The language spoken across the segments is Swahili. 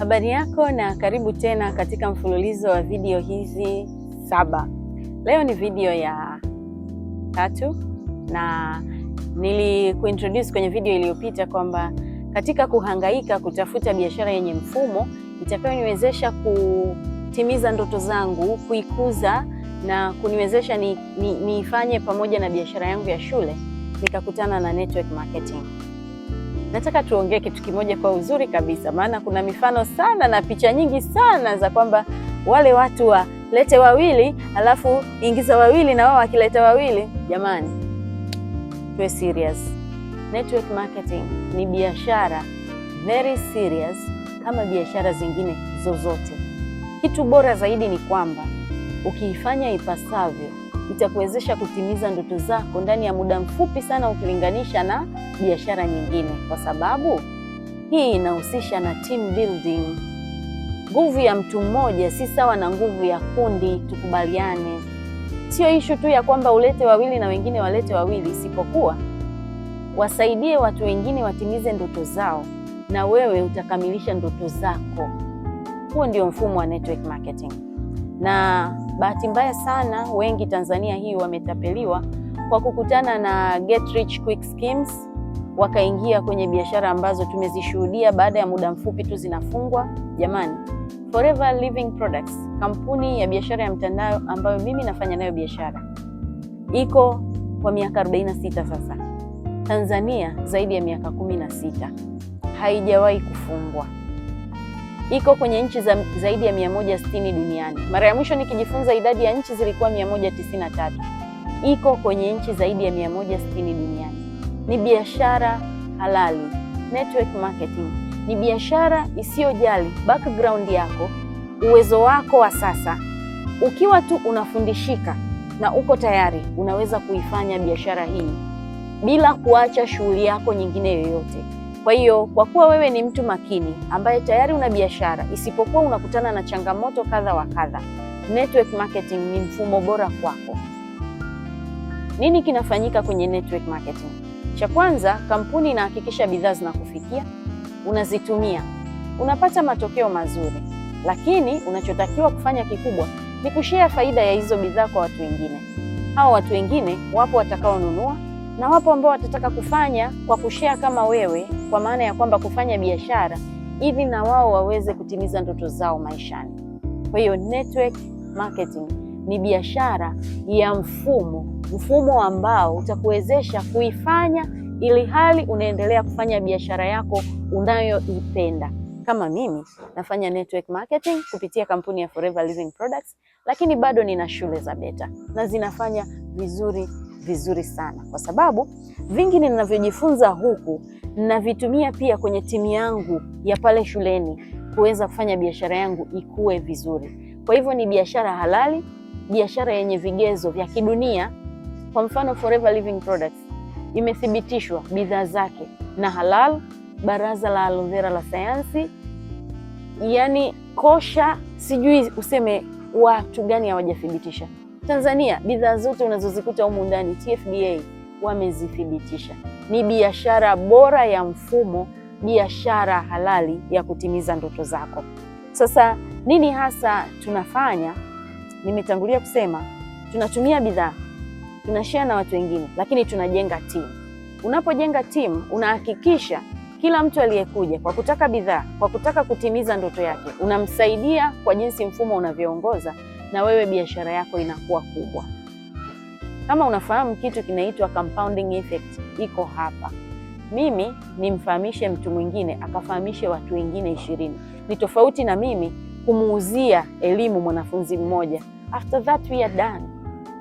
Habari yako na karibu tena katika mfululizo wa video hizi saba. Leo ni video ya tatu na nilikuintroduce kwenye video iliyopita kwamba katika kuhangaika kutafuta biashara yenye mfumo itakayoniwezesha kutimiza ndoto zangu, kuikuza na kuniwezesha niifanye ni, ni pamoja na biashara yangu ya shule, nikakutana na network marketing nataka tuongee kitu kimoja kwa uzuri kabisa, maana kuna mifano sana na picha nyingi sana za kwamba wale watu walete wawili alafu ingiza wawili na wao wakileta wawili. Jamani, tuwe serious. Network marketing ni biashara very serious kama biashara zingine zozote. Kitu bora zaidi ni kwamba ukiifanya ipasavyo itakuwezesha kutimiza ndoto zako ndani ya muda mfupi sana ukilinganisha na biashara nyingine, kwa sababu hii inahusisha na team building. Nguvu ya mtu mmoja si sawa na nguvu ya kundi, tukubaliane. Sio ishu tu ya kwamba ulete wawili na wengine walete wawili, isipokuwa wasaidie watu wengine watimize ndoto zao na wewe utakamilisha ndoto zako. Huo ndio mfumo wa network marketing, na bahati mbaya sana wengi Tanzania hii wametapeliwa kwa kukutana na get rich quick schemes wakaingia kwenye biashara ambazo tumezishuhudia baada ya muda mfupi tu zinafungwa. Jamani, Forever Living Products, kampuni ya biashara ya mtandao ambayo mimi nafanya nayo biashara, iko kwa miaka 46 sasa. Tanzania zaidi ya miaka 16, haijawahi kufungwa. Iko kwenye nchi za zaidi ya 160 duniani. Mara ya mwisho nikijifunza idadi ya nchi zilikuwa 193. Iko kwenye nchi zaidi ya 160 duniani ni biashara halali. Network marketing ni biashara isiyojali background yako, uwezo wako wa sasa. Ukiwa tu unafundishika na uko tayari, unaweza kuifanya biashara hii bila kuacha shughuli yako nyingine yoyote. Kwa hiyo, kwa kuwa wewe ni mtu makini ambaye tayari una biashara, isipokuwa unakutana na changamoto kadha wa kadha, network marketing ni mfumo bora kwako. Nini kinafanyika kwenye network marketing? Cha kwanza, kampuni inahakikisha bidhaa zinakufikia, unazitumia, unapata matokeo mazuri, lakini unachotakiwa kufanya kikubwa ni kushea faida ya hizo bidhaa kwa watu wengine. Hao watu wengine wapo watakaonunua na wapo ambao watataka kufanya kwa kushea kama wewe, kwa maana ya kwamba kufanya biashara ili na wao waweze kutimiza ndoto zao maishani. Kwa hiyo network marketing ni biashara ya mfumo mfumo ambao utakuwezesha kuifanya ili hali unaendelea kufanya biashara yako unayoipenda. Kama mimi nafanya network marketing kupitia kampuni ya Forever Living Products, lakini bado nina shule za beta na zinafanya vizuri vizuri sana, kwa sababu vingi ninavyojifunza huku navitumia pia kwenye timu yangu ya pale shuleni kuweza kufanya biashara yangu ikue vizuri. Kwa hivyo ni biashara halali, biashara yenye vigezo vya kidunia kwa mfano Forever Living Products imethibitishwa bidhaa zake na halal, baraza la aloe vera la sayansi, yani kosha, sijui useme watu gani hawajathibitisha. Tanzania bidhaa zote unazozikuta humu ndani TFDA wamezithibitisha. Ni biashara bora ya mfumo, biashara halali ya kutimiza ndoto zako. Sasa nini hasa tunafanya? Nimetangulia kusema tunatumia bidhaa tunashare na watu wengine, lakini tunajenga timu. Unapojenga timu, unahakikisha kila mtu aliyekuja kwa kutaka bidhaa, kwa kutaka kutimiza ndoto yake, unamsaidia kwa jinsi mfumo unavyoongoza, na wewe biashara yako inakuwa kubwa. Kama unafahamu kitu kinaitwa compounding effect, iko hapa. Mimi nimfahamishe mtu mwingine akafahamishe watu wengine ishirini. Ni tofauti na mimi kumuuzia elimu mwanafunzi mmoja. After that we are done.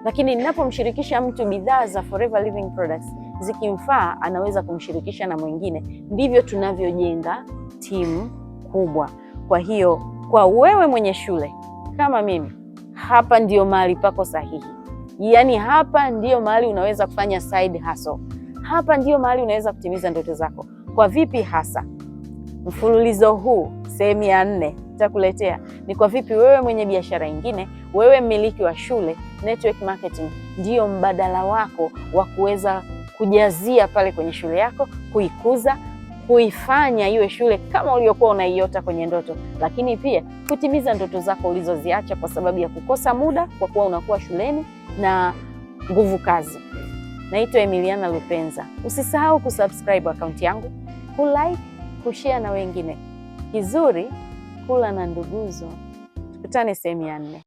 Lakini ninapomshirikisha mtu bidhaa za Forever Living Products zikimfaa, anaweza kumshirikisha na mwingine. Ndivyo tunavyojenga timu kubwa. Kwa hiyo, kwa wewe mwenye shule kama mimi, hapa ndio mahali pako sahihi. Yaani hapa ndiyo mahali unaweza kufanya side hustle. Hapa ndio mahali unaweza kutimiza ndoto zako. Kwa vipi hasa? Mfululizo huu sehemu ya nne nitakuletea ni kwa vipi wewe mwenye biashara ingine, wewe mmiliki wa shule, network marketing ndiyo mbadala wako wa kuweza kujazia pale kwenye shule yako, kuikuza, kuifanya iwe shule kama uliokuwa unaiota kwenye ndoto, lakini pia kutimiza ndoto zako ulizoziacha kwa sababu ya kukosa muda kwa kuwa unakuwa shuleni na nguvu kazi. Naitwa Emiliana Lupenza. Usisahau kusubscribe akaunti yangu, kulike, kushare na wengine kizuri, kula na nduguzo. Tukutane sehemu ya nne.